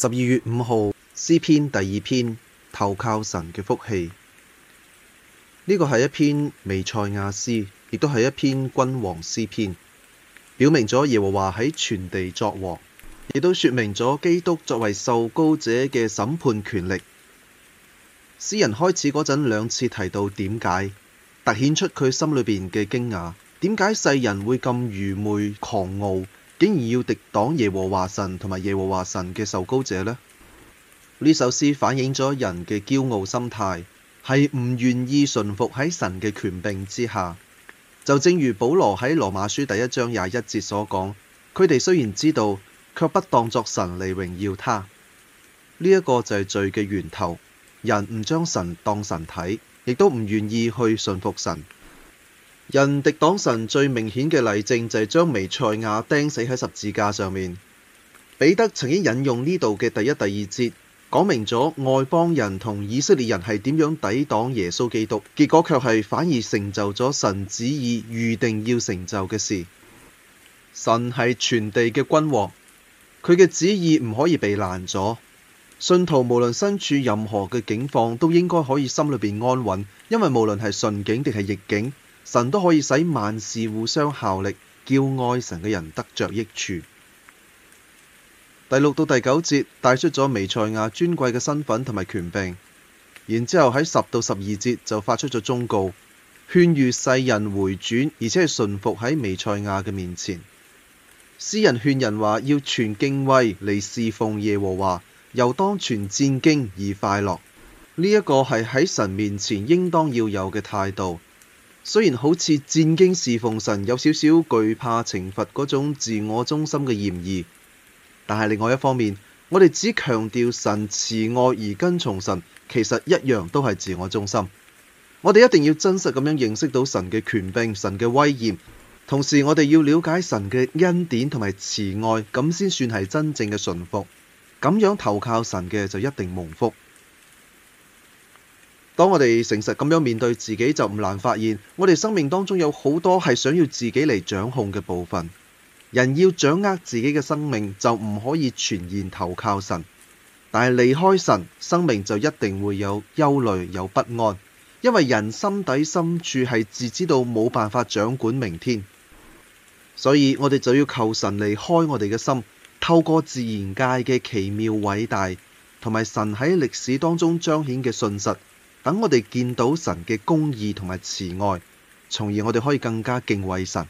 十二月五號，詩篇第二篇，投靠神嘅福氣。呢個係一篇彌賽亞詩，亦都係一篇君王詩篇，表明咗耶和華喺全地作王，亦都說明咗基督作為受膏者嘅審判權力。詩人開始嗰陣，兩次提到點解，凸顯出佢心裏邊嘅驚訝，點解世人會咁愚昧狂傲？竟然要敵擋耶和華神同埋耶和華神嘅受膏者呢？呢首詩反映咗人嘅驕傲心態，係唔願意順服喺神嘅權柄之下。就正如保羅喺羅馬書第一章廿一節所講，佢哋雖然知道，卻不當作神嚟榮耀他。呢、這、一個就係罪嘅源頭，人唔將神當神睇，亦都唔願意去順服神。人敵擋神最明顯嘅例證就係將彌賽亞釘死喺十字架上面。彼得曾經引用呢度嘅第一、第二節，講明咗外邦人同以色列人係點樣抵擋耶穌基督，結果卻係反而成就咗神旨意預定要成就嘅事。神係全地嘅君王，佢嘅旨意唔可以被攔阻。信徒無論身處任何嘅境況，都應該可以心裏邊安穩，因為無論係順境定係逆境。神都可以使萬事互相效力，叫愛神嘅人得着益處。第六到第九節帶出咗彌賽亞尊貴嘅身份同埋權柄，然之後喺十到十二節就發出咗忠告，勸喻世人回轉，而且係順服喺彌賽亞嘅面前。詩人勸人話要存敬畏嚟侍奉耶和華，又當存戰兢而快樂。呢、這、一個係喺神面前應當要有嘅態度。雖然好似戰兢事奉神有少少懼怕懲罰嗰種自我中心嘅嫌疑，但係另外一方面，我哋只強調神慈愛而跟從神，其實一樣都係自我中心。我哋一定要真實咁樣認識到神嘅權柄、神嘅威嚴，同時我哋要了解神嘅恩典同埋慈愛，咁先算係真正嘅順服。咁樣投靠神嘅就一定蒙福。當我哋誠實咁樣面對自己，就唔難發現，我哋生命當中有好多係想要自己嚟掌控嘅部分。人要掌握自己嘅生命，就唔可以全然投靠神。但係離開神，生命就一定會有憂慮、有不安，因為人心底深處係自知到冇辦法掌管明天。所以我哋就要求神嚟開我哋嘅心，透過自然界嘅奇妙偉大，同埋神喺歷史當中彰顯嘅信實。等我哋見到神嘅公義同埋慈愛，從而我哋可以更加敬畏神。